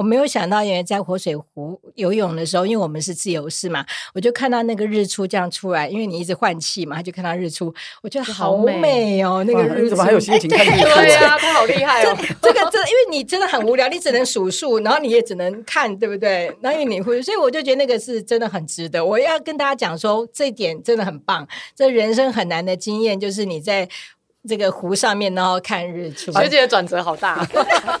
我沒有想到，原來在活水湖游泳的時候，因為我們是自由式嘛，我就看到那個日出這樣出來。因為你一直換氣嘛，他就看到日出，我覺得好美哦，喔。那個日出，啊，怎麼還有心情看日出？欸，對，對啊， 他好厲害哦，喔。這個真的，因為你真的很無聊，你只能數數，然後你也只能看，對不對？那因為你會，所以我就覺得那個是真的很值得。我要跟大家講說，這一點真的很棒。這人生很難的經驗就是你在這個湖上面，然後看日出。學姐的轉折好大啊。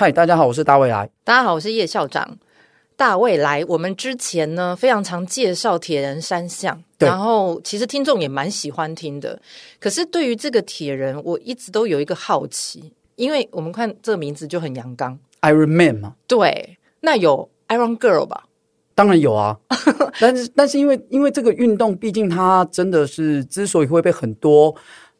嗨，大家好，我是大未來。大家好，我是葉校長。大未來，我們之前呢非常常介紹鐵人三項。對。然後其實聽眾也蠻喜歡聽的。可是對於這個鐵人，我一直都有一個好奇，因為我們看這個名字就很陽剛。Iron Man 嗎？對，那有 Iron Girl 吧？當然有啊。 但是，但是因為因為這個運動，畢竟它真的是之所以會被很多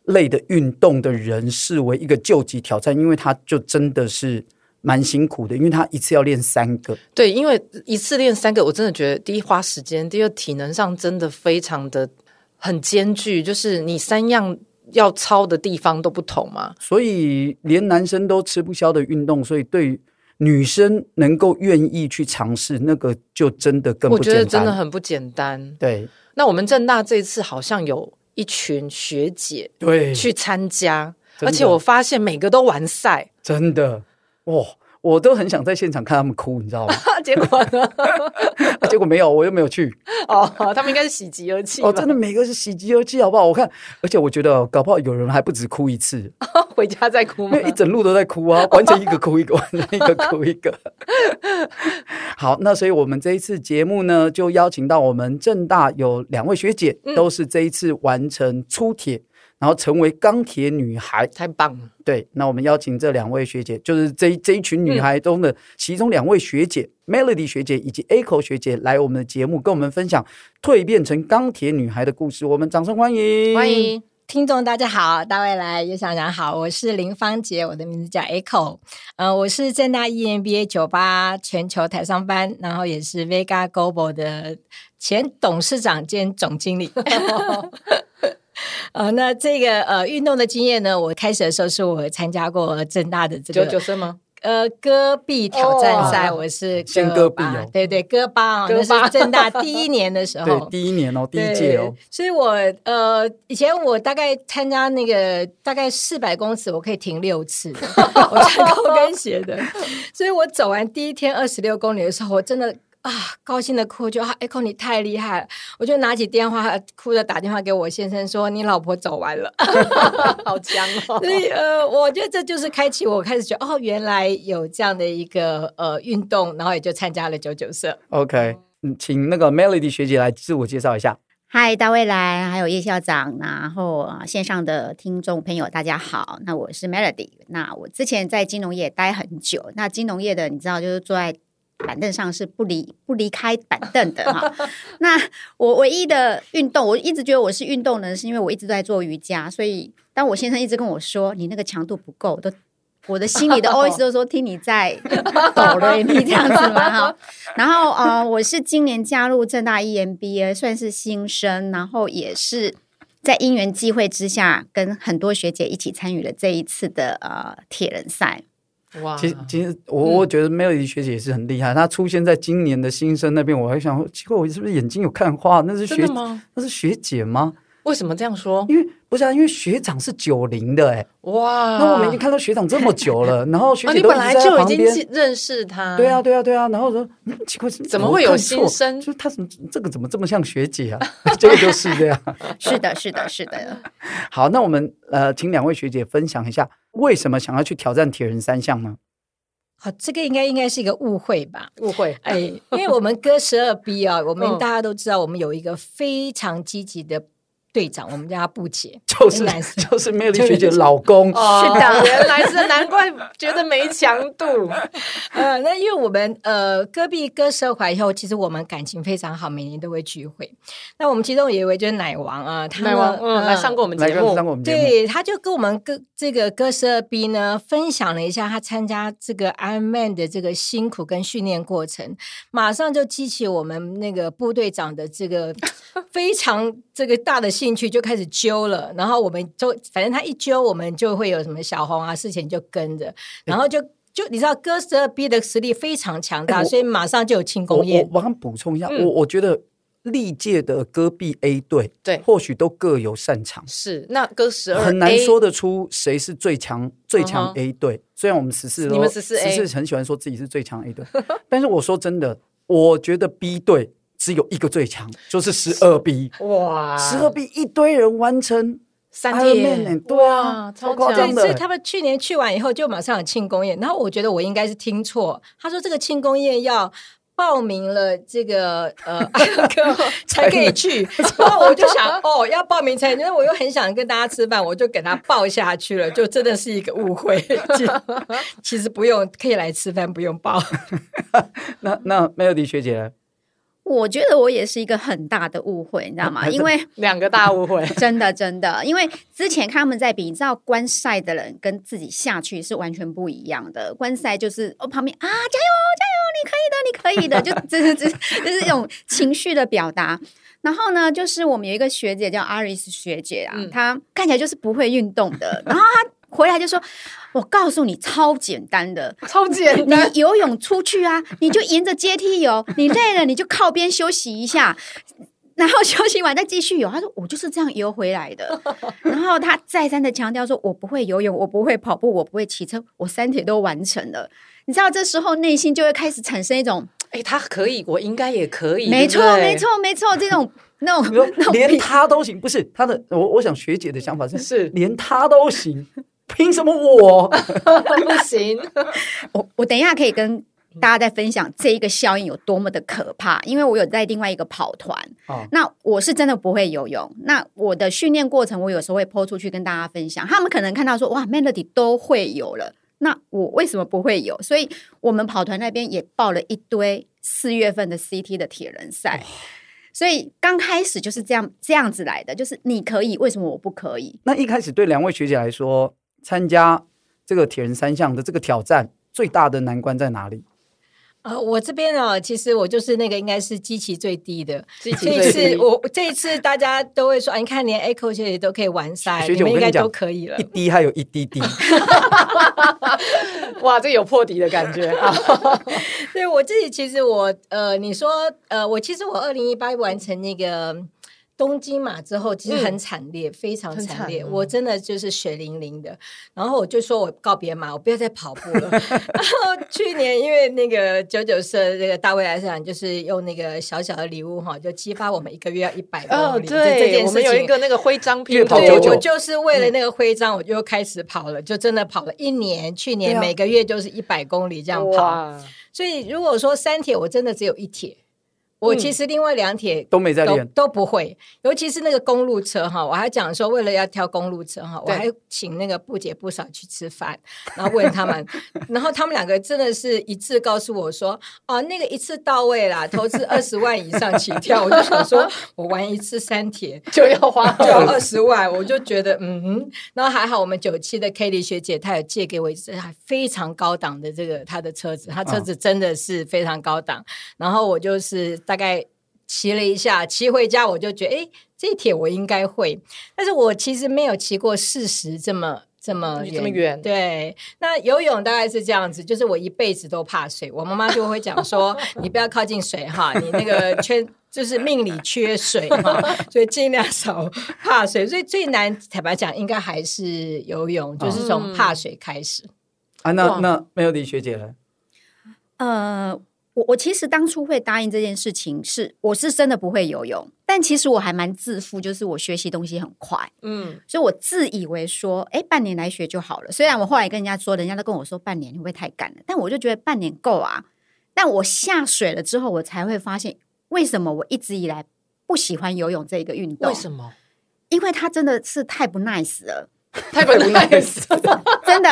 類的運動的人視為一個救急挑戰，因為它就真的是。蠻辛苦的，因為他一次要練三個。對，因為一次練三個，我真的覺得第一花時間，第二體能上真的非常的很艱鉅。就是你三樣要操的地方都不同嘛，所以連男生都吃不消的運動，所以對於女生能夠願意去嘗試，那個就真的更不簡單，我覺得真的很不簡單。對，那我們政大這一次好像有一群學姐，對，去參加，而且我發現每個都完賽，真的。哇、哦，我都很想在現場看他們哭，你知道嗎？ 結果呢、？ 啊？結果沒有，我又沒有去 哦，他們應該是喜極而泣。哦，真的每個是喜極而泣，好不好？我看，而且我覺得，搞不好有人還不止哭一次， 回家再哭嗎，因為一整路都在哭啊， 完全一個哭一個， 完全一個哭一個。 好，那所以我們這一次節目呢，就邀請到我們政大有兩位學姐，嗯，都是這一次完成初鐵然後成為鋼鐵女孩，太棒了！對，那我們邀請這兩位學姐，就是這這一群女孩中的其中兩位學姐，嗯，Melody 學姐以及 Echo 學姐，來我們的節目跟我們分享蛻變成鋼鐵女孩的故事。我們掌聲歡迎！歡迎聽眾，大家好，大未來，葉小冉好，我是林芳杰，我的名字叫 Echo，呃我是政大 EMBA 九八全球台商班，然後也是 Vega Global 的前董事長兼總經理。 呃，那這個呃，運動的經驗呢？我開始的時候是我參加過政大的這個九嗎？呃，戈壁挑戰賽，oh. 我是先戈壁、哦，對對戈壁啊、哦。那是政大第一年的時候， 對第一年哦，第一屆哦。所以我呃，以前我大概參加那個大概四百公尺，我可以停六次， 我穿高跟鞋的，所以我走完第一天二十六公里的時候，我真的。啊！高興的哭，就啊，Echo 你太厲害了，我就拿起電話，哭着打電話給我先生說：“你老婆走完了，好 強。所以呃，我覺得這就是開啟我,我開始覺得哦，原來有這樣的一個呃運動，然後也就參加了九九社。OK，嗯，請那個 Melody 學姐來自我介紹一下。Hi，大未來，還有葉校長，然後線上的聽眾朋友，大家好。那我是 Melody，那我之前在金融業待很久，那金融業的你知道，就是坐在。板凳上是不離不離開板凳的哈。那我唯一的運動，我一直覺得我是運動人，是因為我一直都在做瑜伽。所以，當我先生一直跟我說你那個強度不夠，我都我的心裡的 OS 都說 聽你在抖了你這樣子嘛哈。 然後，呃，我是今年加入政大 EMBA 算是新生，然後也是在因緣際會之下，跟很多學姐一起參與了這一次的呃鐵人賽。哇！其實，其實我我覺得 Melody 學姐也是很厲害，嗯。她出現在今年的新生那邊，我還想說，奇怪，我是不是眼睛有看花？那是學嗎，那是學姐嗎？為什麼這樣說？因為不是啊，因為學長是九零的，欸，哎，哇！那我們已經看到學長這麼久了， 然後學姐，哦，本來就已經認識他，對啊，對啊，對啊。然後說，嗯，奇怪，怎麼會有新生？就他怎麼這個怎麼這麼像學姐啊？這 個就是這樣， 是的，是的，是的。好，那我們呃，請兩位學姐分享一下。為什麼想要去挑戰鐵人三項呢？好，這個應該應該是一個誤會吧？誤會，哎、欸， 因為我們哥十二 B 啊，我們大家都知道，我們有一個非常積極的。隊長，我們叫他布姐，就是就是美麗學姐老公是是、 哦。是長原來是難怪覺得沒強度。 呃，那因為我們呃戈壁戈十二 B 以後，其實我們感情非常好，每年都會聚會。那我們其中也有一位就是奶王啊，奶王、嗯呃、來上過我們節目，對，他就跟我們戈這個戈十二 B 呢分享了一下他參加這個 Iron Man 的這個辛苦跟訓練過程，馬上就激起我們那個部隊長的這個非常這個大的。 進去就開始揪了，然後我們就反正他一揪，我們就會有什麼小紅啊事情就跟着，然後就就你知道，哥十二 B 的實力非常強大，欸，所以馬上就有慶功宴。我馬上補充一下，嗯、我我覺得歷屆的戈壁 A 隊對或許都各有擅長，是那哥十二很難說得出誰是最強最強 A 隊，uh -huh。雖然我們十四，你們十四十四很喜歡說自己是最強 A 隊， 但是我說真的，我覺得 B 隊。只有一個最強，就是十二 B 哇！十二 B 一堆人完成三天、欸，對啊，超強的。所以他們去年去完以後，就馬上有慶功宴。然後我覺得我應該是聽錯，他說這個慶功宴要報名了，這個呃 才可以去。然後我就想 哦，要報名才能，因為我又很想跟大家吃飯，我就給他報下去了。就真的是一個誤會， 其實不用，可以來吃飯，不用報。 那那 Melody 學姐。我覺得我也是一個很大的誤會，你知道嗎？因為兩個大誤會， 真的真的，因為之前看他們在比，你知道觀賽的人跟自己下去是完全不一樣的。觀賽就是哦，旁邊啊，加油加油，你可以的，你可以的， 就就是就是這、就是就是、種情緒的表達。然後呢，就是我們有一個學姐叫阿瑞斯學姐啊、嗯，她看起來就是不會運動的，然後她回來就說。我告訴你，超簡單的，超簡單。 你游泳出去啊，你就沿着階梯游。你累了，你就靠邊休息一下， 然後休息完再繼續游。他說我就是這樣游回來的。 然後他再三的強調說，我不會游泳，我不會跑步，我不會騎車，我三鐵都完成了。你知道，這時候內心就會開始產生一種，哎、欸，他可以，我應該也可以。沒錯，沒錯，沒錯。這種 那種，那種連他都行， 不是他的。我我想學姐的想法是， 是連他都行。憑什麼我 不行 我？我我等一下可以跟大家再分享這一個效應有多麼的可怕，因為我有在另外一個跑團。哦、啊，那我是真的不會游泳。那我的訓練過程，我有時候會 PO 出去跟大家分享。他們可能看到說，哇，Melody 都會游了，那我為什麼不會游？所以我們跑團那邊也報了一堆四月份的 CT 的鐵人賽。哦、所以剛開始就是這樣這樣子來的，就是你可以，為什麼我不可以？那一開始對兩位學姐來說。參加這個鐵人三項的這個挑戰，最大的難關在哪裡？呃，我這邊啊，其實我就是那個應該是機器最低的，機器最低，所以是 我這一次大家都會說，你看連 Echo 學姐都可以完賽，你們應該都可以了，一滴還有一滴滴， 哇，這有破底的感覺啊！對 我自己，其實我呃，你說呃，我其實我二零一八完成那個。東京馬之後其實很慘烈，嗯，非常慘烈，嗯。我真的就是血淋淋的，然後我就說我告別馬，我不要再跑步了。 然後去年因為那個九九社，這個大衛來講就是用那個小小的禮物哈，就激發我們一個月要一百公里。哦，對這件事我們有一個那個徽章跑九九，對，我就是為了那個徽章，嗯，我就開始跑了，就真的跑了一年。去年每個月就是一百公里這樣跑。所以如果說三鐵，我真的只有一鐵。我其實另外兩鐵都、嗯、都沒在練都，都不會，尤其是那個公路車哈，我還講說為了要跳公路車哈，我還請那個不減不少去吃飯，然後問他們， 然後他們兩個真的是一致告訴我說，哦、啊，那個一次到位啦，投資二十萬以上起跳， 我就想說我玩一次三鐵 就要花就要二十萬， 我就覺得嗯， 然後還好我們九七的 Kitty 學姐，她有借給我一次還非常高檔的這個她的車子，她車子真的是非常高檔，嗯、然後我就是。大概騎了一下，騎回家我就覺得，哎、欸，這鐵我應該會，但是我其實沒有騎過四十這麼這麼這麼遠。對，那游泳大概是這樣子，就是我一輩子都怕水。我媽媽就會講說， 你不要靠近水哈， 你那個缺就是命裡缺水 所以儘量少怕水。所以最難，坦白講，應該還是游泳，哦、就是從怕水開始。嗯、啊，那那沒有李學姐了，嗯、呃。我我其實當初會答應這件事情，是我是真的不會游泳，但其實我還蠻自負，就是我學習東西很快，嗯，所以我自以為說，哎、欸，半年來學就好了。雖然我後來跟人家說，人家都跟我說半年會不會太趕了，但我就覺得半年夠啊。但我下水了之後，我才會發現為什麼我一直以來不喜歡游泳這個運動，為什麼？因為他真的是太不 nice 了。 太不死耐了 真的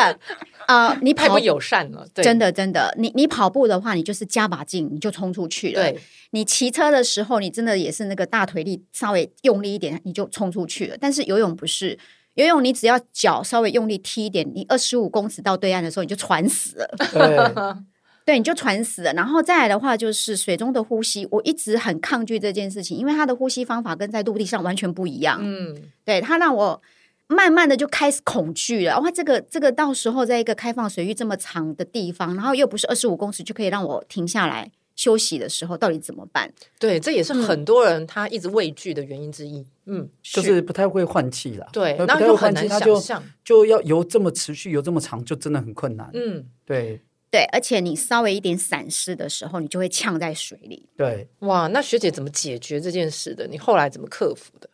啊、呃！你跑，太不友善了，對。真的，真的，你你跑步的話，你就是加把勁，你就衝出去了。對，你騎車的時候，你真的也是那個大腿力稍微用力一點，你就衝出去了。但是游泳不是，游泳你只要腳稍微用力踢一點，你二十五公尺到對岸的時候，你就喘死了。對，對，你就喘死了。然後再來的話，就是水中的呼吸，我一直很抗拒這件事情，因為他的呼吸方法跟在陸地上完全不一樣。嗯，對他讓我。慢慢的就開始恐懼了。哇、哦，這個這個到時候在一個開放水域這麼長的地方，然後又不是二十五公尺就可以讓我停下來休息的時候，到底怎麼辦？對，這也是很多人他一直畏懼的原因之一。嗯，嗯就是不太會換氣了、嗯。對，然後就很難想象就，就要游這麼持續游這麼長，就真的很困難。嗯，對，對，而且你稍微一點閃失的時候，你就會嗆在水裡。對，哇，那學姐怎麼解決這件事的？你後來怎麼克服的？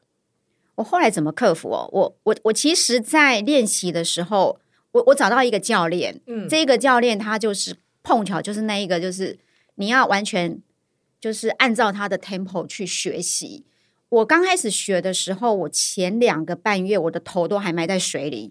後來怎麼克服哦？我我我，我其實，在練習的時候，我我找到一個教練，嗯，這個教練他就是碰巧就是那一個，就是你要完全就是按照他的 tempo 去學習。我剛開始學的時候，我前兩個半月，我的頭都還埋在水裡。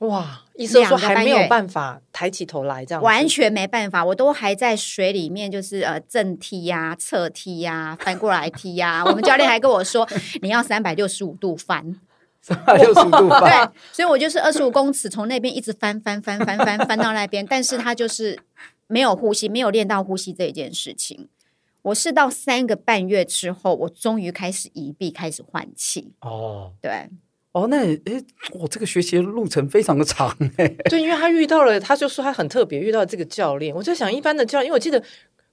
哇！醫生說還沒有辦法抬起頭來，這樣完全沒辦法，我都還在水裡面，就是呃正踢呀、啊、側踢呀、翻過來踢呀、啊。 我們教練還跟我說， 你要三百六十五度翻，三百六十五度翻。對，所以我就是二十五公尺從那邊一直翻翻翻翻翻翻到那邊， 但是他就是沒有呼吸，沒有練到呼吸這一件事情。我是到三個半月之後，我終於開始移臂開始換氣哦，oh. 對。哦，那誒，我這個學習的路程非常的長誒。對，因為他遇到了，他就說他很特別，遇到這個教練。我就想，一般的教練，因為我記得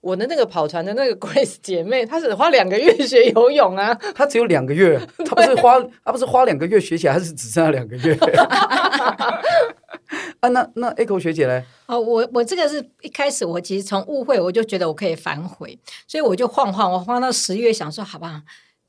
我的那個跑船的那個 Grace 姐妹，她只花兩個月學游泳啊。她只有兩個月，她不是花，她不是花兩個月學起來，還是只剩下兩個月。 啊，那那 Echo 學姐嘞？哦，我我這個是一開始，我其實從誤會我就覺得我可以反悔，所以我就晃晃，我晃到十月，想說好不好。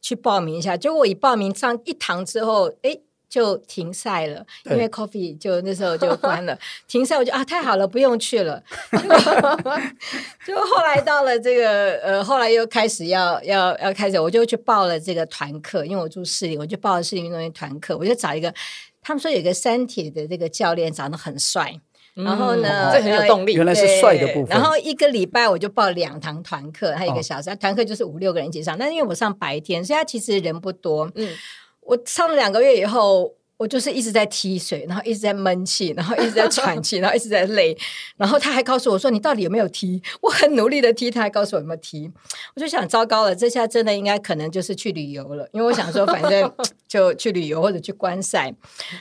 去報名一下，結果我一報名上一堂之後，誒，就停賽了，因為 COVID，就那時候就關了， 停賽，我就啊，太好了，不用去了。 就後來到了這個呃，後來又開始要要要開始，我就去報了這個團課，因為我住市裡，我就報了市裡運動員團課，我就找一個，他們說有一個三鐵的這個教練長得很帥。然後呢，這很有動力。原來是帥的部分，嗯。然後一個禮拜我就報兩堂團課，還有一個小時，哦。團課就是五六個人一起上，但因為我上白天，所以他其實人不多。嗯，我上了兩個月以後，我就是一直在踢水，然後一直在悶氣，然後一直在喘氣，然後一直在累。 然後他還告訴我說：“你到底有沒有踢？”我很努力的踢，他還告訴我有沒有踢。我就想，糟糕了，這下真的應該可能就是去旅遊了，因為我想說，反正 就去旅遊或者去觀賽。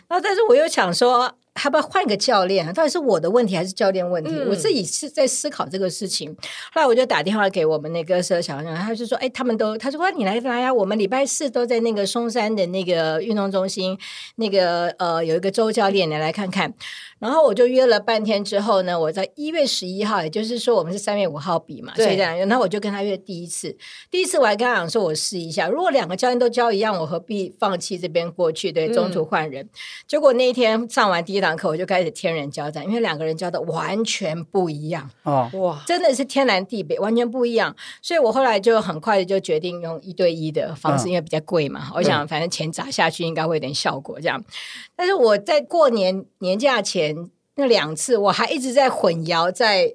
然後，但是我又想說。他不要換個教練到底是我的問題還是教練問題？嗯、我自己是在思考這個事情。後來我就打電話給我們那個社小，他就說：“哎、欸，他們都……他說：‘你來來呀、啊！我們禮拜四都在那個松山的那個運動中心，那個呃有一個周教練，你來來看看。’然後我就約了半天之後呢，我在一月十一號，也就是說我們是三月五號比嘛，所以這樣。那我就跟他約第一次，第一次我還跟他講說我試一下，如果兩個教練都教一樣，我何必放棄這邊過去？對，中途換人、嗯。結果那一天上完第一。兩課我就開始天人交戰，因為兩個人教的完全不一樣哦，哇，真的是天南地北，完全不一樣。所以我後來就很快就決定用一對一的方式，嗯、因為比較貴嘛，我想反正錢砸下去應該會有點效果這樣。但是我在過年年假前那兩次，我還一直在混淆在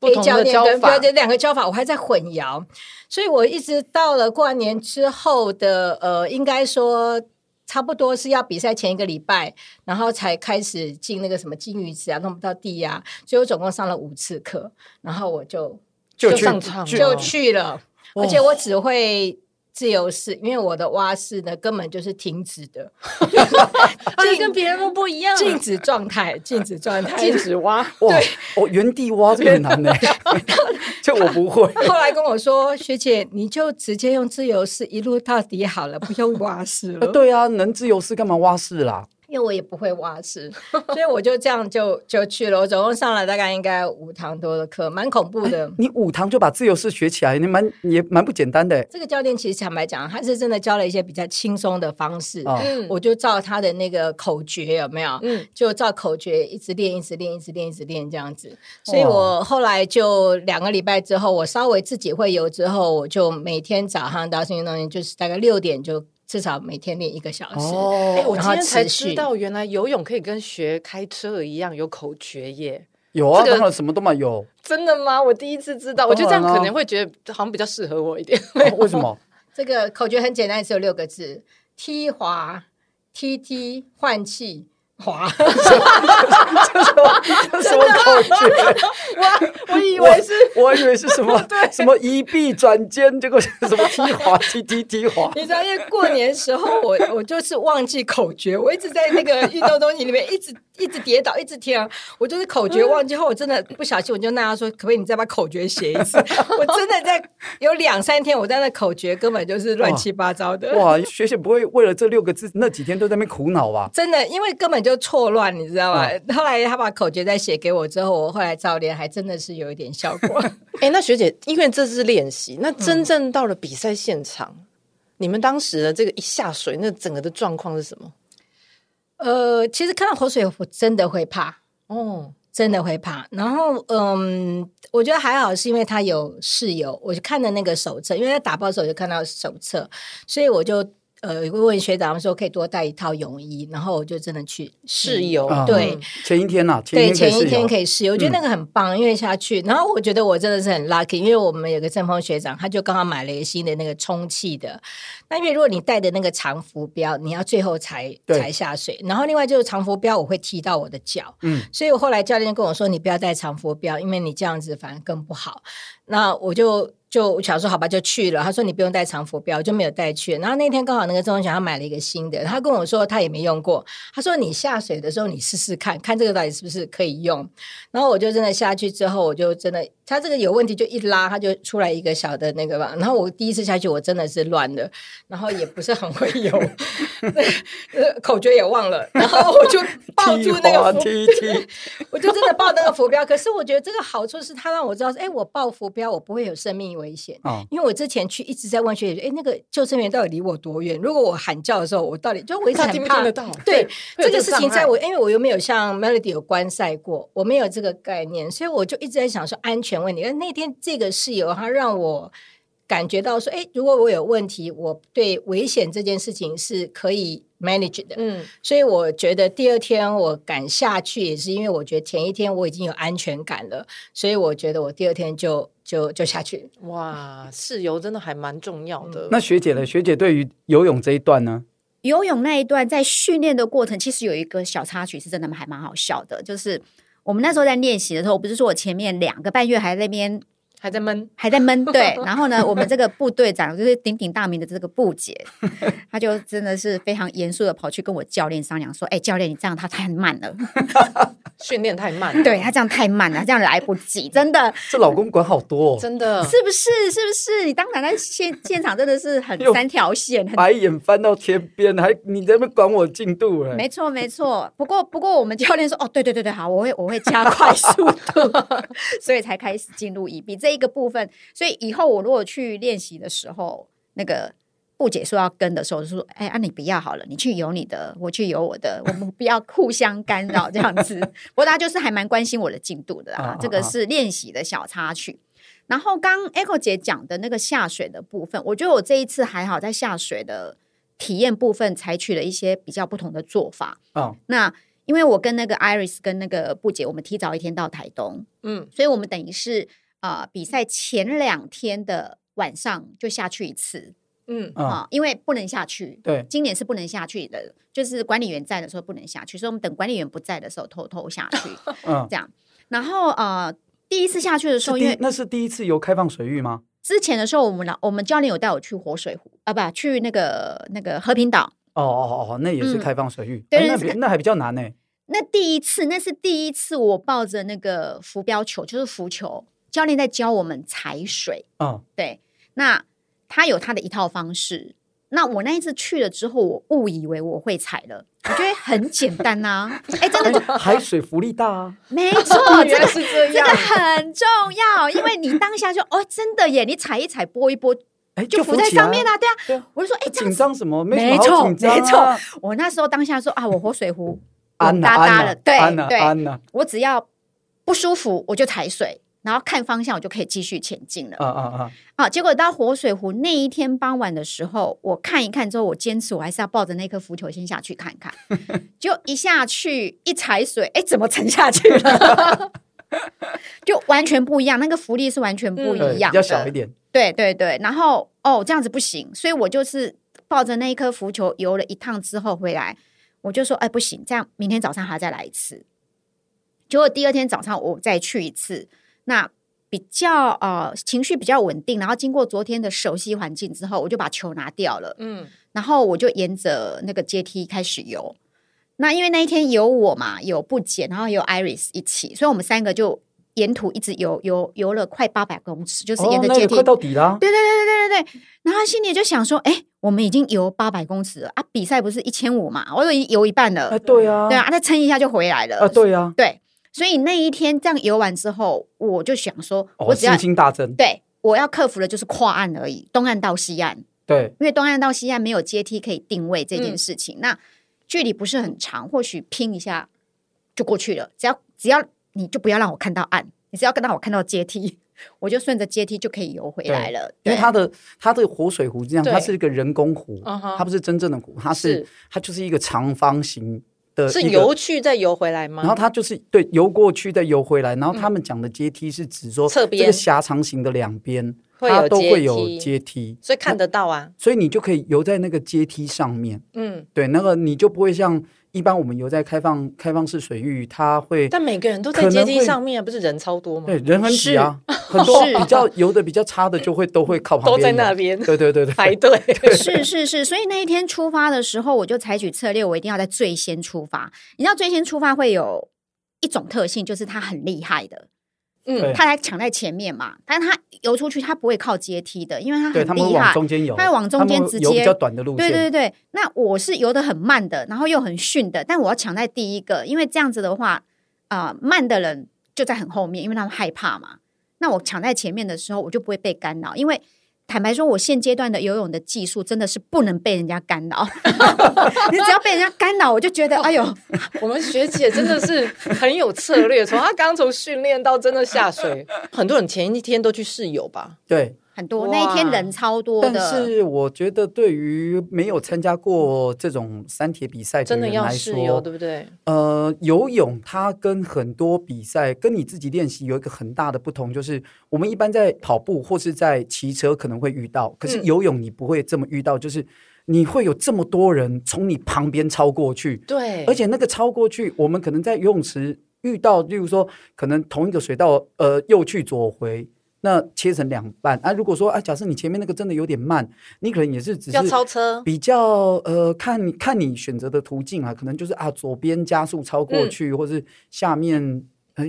B2 不同的教法，對兩 B2 個教法我還在混淆，所以我一直到了過完年之後的呃，應該說。差不多是要比賽前一個禮拜，然後才開始進那個什麼金魚池啊，弄不到地呀、啊，所以我總共上了五次課，然後我就就，了就上場就去了，而且我只會，自由式，因為我的蛙式呢，根本就是停止的，就 跟別人都不一樣，靜 止狀態，靜止狀態，靜止蛙，我哦，原地蛙這個很難的，就 我不會。後來跟我說， 學姐，你就直接用自由式一路到底好了，不用蛙式了， 啊。對啊，能自由式幹嘛蛙式啦？因為我也不會蛙式，所以我就這樣就就去了。 我總共上了大概應該五堂多的課，蠻恐怖的。欸、你五堂就把自由式學起來，你蠻也蠻不簡單的、欸。這個教練其實坦白講，他是真的教了一些比較輕鬆的方式。嗯、哦，我就照他的那個口訣，有沒有？嗯，就照口訣一直練，一直練，一直練，一直練這樣子。所以我後來就兩個禮拜之後，我稍微自己會游之後，我就每天早上到訓練中心就是大概六點就。至少每天練一個小時、哦誒。我今天才知道，原來游泳可以跟學開車一樣有口訣耶！有啊，這個、什麼都嘛有。真的嗎？我第一次知道。啊、我就這樣可能會覺得好像比較適合我一點、啊。為什麼？這個口訣很簡單，只有六個字：踢滑、踢踢、換氣。滑 什麼什麼什麼我，我以為是我，我以為是什麼 對，什麼一臂轉肩這個什麼踢滑踢踢踢滑？你知道，因為過年時候我我就是忘記口訣，我一直在那個運動東西裡面一直， 一，直一直跌倒，一直踢，我就是口訣忘記後，我真的不小心我就那樣說，可不可以你再把口訣寫一次？ 我真的在有兩三天，我在那口訣根本就是亂七八糟的。哇，學姐不會為了這六個字那幾天都在那邊苦惱吧？真的，因為根本就。就錯亂，你知道吧、嗯？後來他把口訣再寫給我之後，我後來照練，還真的是有一點效果、 欸。那學姐，因為這是練習，那真正到了比賽現場、嗯，你們當時的這個一下水，那整個的狀況是什麼？呃，其實看到口水，我真的會怕哦，真的會怕、嗯。然後，嗯，我覺得還好，是因為他有室友，我就看了那個手冊，因為他打包的時候我就看到手冊，所以我就。呃，問學長們說可以多帶一套泳衣，然後我就真的去試游。嗯、對，前一天吶、啊，對，前一天可以試游，我覺得那個很棒，嗯，因為下去。然後我覺得我真的是很 lucky，因為我們有個正風學長，他就剛好買了一個新的那個充氣的。那因為如果你帶的那個長浮標，你要最後才才下水。然後另外就是長浮標，我會踢到我的腳。嗯，所以我後來教練跟我說，你不要帶長浮標，因為你這樣子反而更不好。那我就。就想說好吧，就去了。他說你不用帶長浮標，就沒有帶去。然後那天剛好那個鄭文強他買了一個新的，他跟我說他也沒用過。他說你下水的時候，你試試看看這個到底是不是可以用。然後我就真的下去之後，我就真的。他這個有問題就一拉，他就出來一個小的那個吧。然後我第一次下去，我真的是亂了，然後也不是很會游， 口訣也忘了。 然後我就抱住那個浮標，踢踢 我就真的抱那個浮標。 可是我覺得這個好處是，他讓我知道，哎，我抱浮標，我不會有生命危險。哦、嗯，因為我之前去一直在問學姐，哎，那個救生員到底離我多遠？如果我喊叫的時候，我到底就我一直聽不聽得到？對，對這，這個事情在我，因為我又沒有像 Melody 有觀賽過，我沒有這個概念，所以我就一直在想說安全。問題，而那天這個室友他讓我感覺到說，哎、欸，如果我有問題，我對危險這件事情是可以 manage 的，嗯，所以我覺得第二天我敢下去也是因為我覺得前一天我已經有安全感了，所以我覺得我第二天就就就下去。哇，室友真的還蠻重要的、嗯。那學姐呢？學姐對於游泳這一段呢？游泳那一段在訓練的過程，其實有一個小插曲是真的還蠻好笑的，就是。我們那時候在練習的時候，不是說我前面兩個半月還在那邊，還在悶，還在悶，對。然後呢，我們這個部隊長就是鼎鼎大名的這個部姐， 他就真的是非常嚴肅的跑去跟我教練商量說：“哎、欸，教練，你這樣他太慢了，訓 練太慢了。對他這樣太慢了，他這樣來不及，真的。”這老公管好多、哦，真的是不是？是不是？你當然在現現場真的是很三條線，白眼翻到天邊， 還你在那邊管我進度、欸？沒錯，沒錯。不過，不過我們教練說：“哦，對對對對，好，我會我會加快速度， 所以才開始進入一比這。”一、這個部分，所以以後我如果去練習的時候，那個布姐說要跟的時候，就說：“哎，啊，你不要好了，你去游你的，我去游我的，我們不要互相干擾這樣子。”不過大家就是還蠻關心我的進度的啊。啊這個是練習的小插曲。啊、然後剛，剛 Echo 姐講的那個下水的部分，我覺得我這一次還好，在下水的體驗部分採取了一些比較不同的做法、哦、那因為我跟那個 Iris 跟那個布姐，我們提早一天到台東，嗯，所以我們等於是。啊、呃！比賽前兩天的晚上就下去一次，嗯啊、呃，因為不能下去，對，今年是不能下去的，就是管理員在的時候不能下去，所以我們等管理員不在的時候偷偷下去，嗯， 這樣。然後呃，第一次下去的時候，因為那是第一次游開放水域嗎？之前的時候我，我們老我們教練有帶我去活水湖啊，不，去那個那個和平島，哦哦哦那也是開放水域，嗯欸、對，欸、那那還比較難呢、欸。那第一次，那是第一次我抱着那個浮標球，就是浮球。教練在教我們踩水啊、嗯，對，那他有他的一套方式。那我那一次去了之後，我誤以為我會踩了，我覺得很簡單吶、啊，哎 欸，真的就海水浮力大、啊，沒錯，真 的是這樣、這個，這個很重要，因為你當下就 哦，真的耶，你踩一踩，撥一撥，哎、欸，就浮在上面啊，啊，啊，啊，對啊，我就說，哎、欸，緊張什麼？沒錯，沒錯、啊，我那時候當下說啊，我活水湖安噠噠了，安安對安對，安對，對安，我只要不舒服，我就踩水。然後看方向，我就可以繼續前進了。啊啊啊！好、啊，結果到活水湖那一天傍晚的時候，我看一看之後，我堅持我還是要抱着那顆浮球先下去看看。 就一下去一踩水，哎，怎麼沉下去了？ 就完全不一樣，那個浮力是完全不一樣，要、嗯、小一點。對對對，然後哦，這樣子不行，所以我就是抱着那一顆浮球游了一趟之後回來，我就說哎，不行，這樣明天早上還再來一次。結果第二天早上我再去一次。那比較呃情緒比較穩定，然後經過昨天的熟悉環境之後，我就把球拿掉了，嗯，然後我就沿着那個階梯開始游。那因為那一天有我嘛，有布姐，然後有 Iris 一起，所以我們三個就沿途一直游游游了快八百公尺，就是沿着階梯、哦、到底了。對對對對對，對然後心裡就想說，哎，我們已經游八百公尺了啊，比賽不是一千五嘛，我都已經游一半了。啊、哎、對啊，對啊，再撐一下就回來了啊、哎，對啊，對。所以那一天這樣游完之後，我就想說我只要，哦，我信心大增。對，我要克服的就是跨岸而已，東岸到西岸。對，因為東岸到西岸沒有階梯可以定位這件事情，嗯、那距離不是很長，或許拼一下就過去了。只要只要你就不要讓我看到岸，你只要讓我看到階梯，我就順着階梯就可以游回來了，對對。因為它的它這個活水湖這樣，它是一個人工湖，uh -huh，它不是真正的湖，它是，是它就是一個長方形。是游去再游回來嗎？然後他就是對，游過去再游回來，然後他們講的階梯是指說，嗯，這個狹長形的兩邊它都會有階梯，所以看得到啊，所以你就可以游在那個階梯上面。嗯，對，那個你就不會像。一般我們游在開放開放式水域，它會，但每個人都在階梯上面，不是人超多嗎？對，人很擠啊，是，很多 比較游的比較差的就會都會靠旁邊，都在那邊，對對對對，排隊，是是是。所以那一天出發的時候，我就採取策略，我一定要在最先出發。 你知道最先出發會有一種特性，就是它很厲害的。嗯，他來搶在前面嘛，但他游出去他不會靠階梯的，因為他很厲害他，他會往中間游，比較短的路。對對對，那我是游得很慢的，然後又很遜的，但我要搶在第一個，因為這樣子的話，啊，呃，慢的人就在很後面，因為他們害怕嘛。那我搶在前面的時候，我就不會被干擾，因為。坦白說，我現階段的游泳的技術真的是不能被人家干擾。 你只要被人家干擾，我就覺得，哎呦， 我們學姐真的是很有策略。 從她剛從訓練到真的下水， 很多人前一天都去試游吧？對。很多，那一天人超多的。但是我覺得，對於沒有參加過這種三鐵比賽的人來說，對不對？呃，游泳它跟很多比賽，跟你自己練習有一個很大的不同，就是我們一般在跑步或是在騎車可能會遇到、嗯，可是游泳你不會這麼遇到，就是你會有這麼多人從你旁邊超過去。對。而且那個超過去，我們可能在游泳池遇到，例如說，可能同一個水道，呃，右去左回。那切成兩半啊？如果說啊，假設你前面那個真的有點慢，你可能也是只是要超車，比較呃，看你看你選擇的途徑啊，可能就是啊，左邊加速超過去，嗯、或是下面，嗯、呃，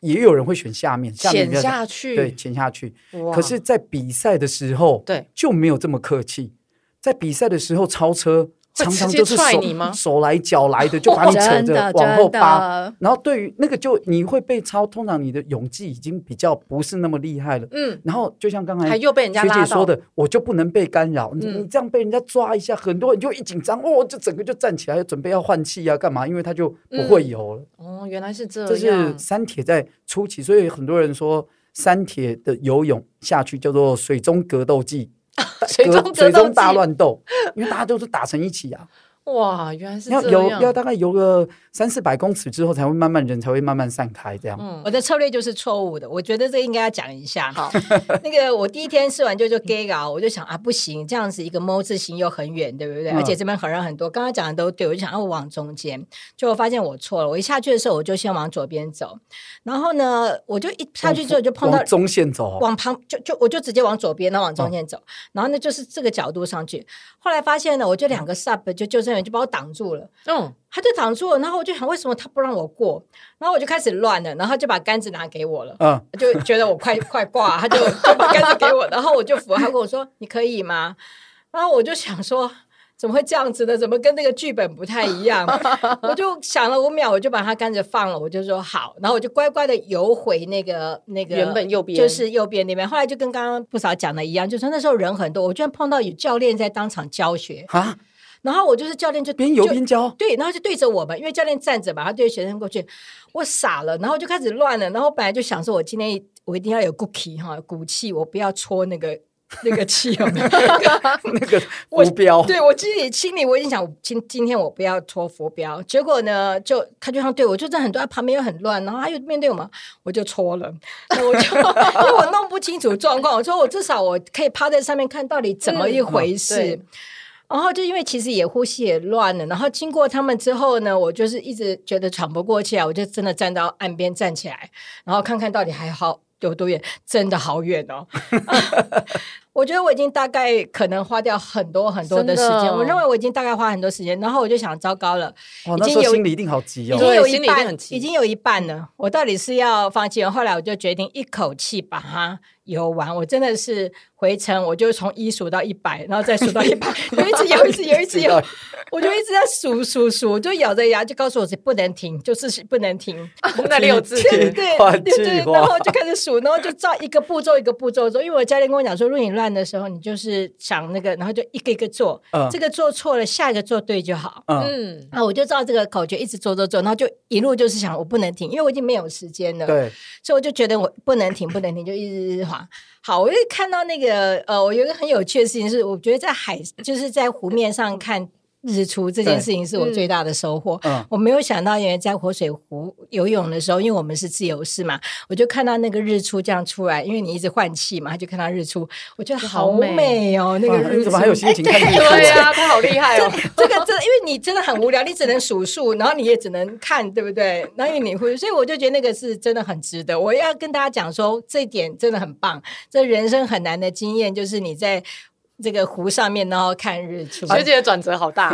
也有人會選下面，潛下，下去，對，潛下去。哇！可是，在比賽的時候，對，就沒有這麼客氣，在比賽的時候超車。常常就是手騎騎你嗎，手來腳來的，就把你扯着 往後扒，然後對於那個就你會被抄，通常，你的泳技已經比較不是那麼厲害了、嗯。然後就像剛才學姐說的，我就不能被干擾。你、嗯、你這樣被人家抓一下，很多人就一緊張，哦，就整個就站起來，準備要換氣呀，幹嘛？因為他就不會游了、嗯。哦，原來是這樣。這是三鐵在初期，所以很多人說三鐵的游泳下去叫做水中格鬥技。水中，水中大亂鬥，因為大家都是打成一起呀、啊。哇，原來是這樣。要，有要大概游個三四百公尺之後，才會慢慢人才會慢慢散開這樣。嗯、我的策略就是錯誤的，我覺得這應該要講一下哈。 那個我第一天試完就就 gay 啊， 我就想啊不行，這樣子一個貓字型又很遠，對不對？嗯、而且這邊很多很多，剛剛講的都對，我就想要我往中間，就發現我錯了。我一下去的時候，我就先往左邊走，然後呢，我就一下去之後就碰到、嗯、往中線走、哦，往旁就就我就直接往左邊，然後往中線走、哦，然後呢就是這個角度上去。後來發現呢，我就兩個 sub 就就是。就把我擋住了，嗯，他就擋住了，然後我就想，為什麼他不讓我過？然後我就開始亂了，然後他就把杆子拿給我了，嗯，就覺得我快快掛， 他就就把杆子給我，然後我就扶他，跟 我說：“你可以嗎？”然後我就想說：“怎麼會這樣子呢？怎麼跟那個劇本不太一樣？” 我就想了五秒，我就把他杆子放了，我就說：“好。”然後我就乖乖的游回那個那個原本右邊，就是右邊那邊。後來就跟剛剛不少講的一樣，就是那時候人很多，我居然碰到有教練在當場教學啊。然後我就是教練就，就邊游邊教。對，然後就對着我們，因為教練站着嘛，他對着學生過去，我傻了，然後就開始亂了。然後本來就想說，我今天我一定要有骨氣哈，鼓氣，我不要戳那個那個氣球， 那個浮標。對，我心裡心裡我已經想今今天我不要戳浮標，結果呢，就他就像對我就在很多旁邊又很亂，然後他又面對我嘛，我就戳了， 我就因為我弄不清楚狀況，我說我至少我可以趴在上面看到底怎麼一回事。嗯嗯然、哦、後就因為其實也呼吸也亂了，然後經過他們之後呢，我就是一直覺得喘不過氣啊，我就真的站到岸邊站起來，然後看看到底還好有多遠，真的好遠哦。 啊、我覺得我已經大概可能花掉很多很多的時間，哦、我認為我已經大概花很多時間，然後我就想糟糕了，哦、已經、哦、那時候心裡一定好急哦，有一半了，對、心裡一定很急，已經有一半了，我到底是要放棄？後來我就決定一口氣把它游完，我真的是。回程我就從一數到一百，然後再數到一百， 有一次直有 一次有一次有， 我就一直在數數數，就咬着牙就告訴我自己不能停，就是不能停。啊、那裡有字、啊？對對對，對，對，然後就開始數，然後就照一個步驟一個步驟做。因為我教練跟我講說，如果 你亂的時候，你就是想那個，然後就一個一個做，嗯、這個做錯了，下一個做對就好。嗯，那、嗯、我就照這個口訣一直做做做，然後就一路就是想我不能停，因為我已經沒有時間了。對，所以我就覺得我不能停，不能停，就一直滑。 好，我又看到那個，呃，我有一個很有趣的事情是，我覺得在海就是在湖面上看，日出這件事情是我最大的收穫。嗯、我沒有想到，原來在活水湖游泳的時候，因為我們是自由式嘛，我就看到那個日出這樣出來。因為你一直換氣嘛，就看到日出，我覺得好美哦。美那個日出，啊、你怎麼還有心情看日出的，哎對？對啊，他好厲害哦這。這個真的，因為你真的很無聊，你只能數數，然後你也只能看，對不對？那因為你會，所以我就覺得那個是真的很值得。我要跟大家講說，這一點真的很棒。這人生很難的經驗就是你在。這個湖上面，然後看日出。學姐轉折好大，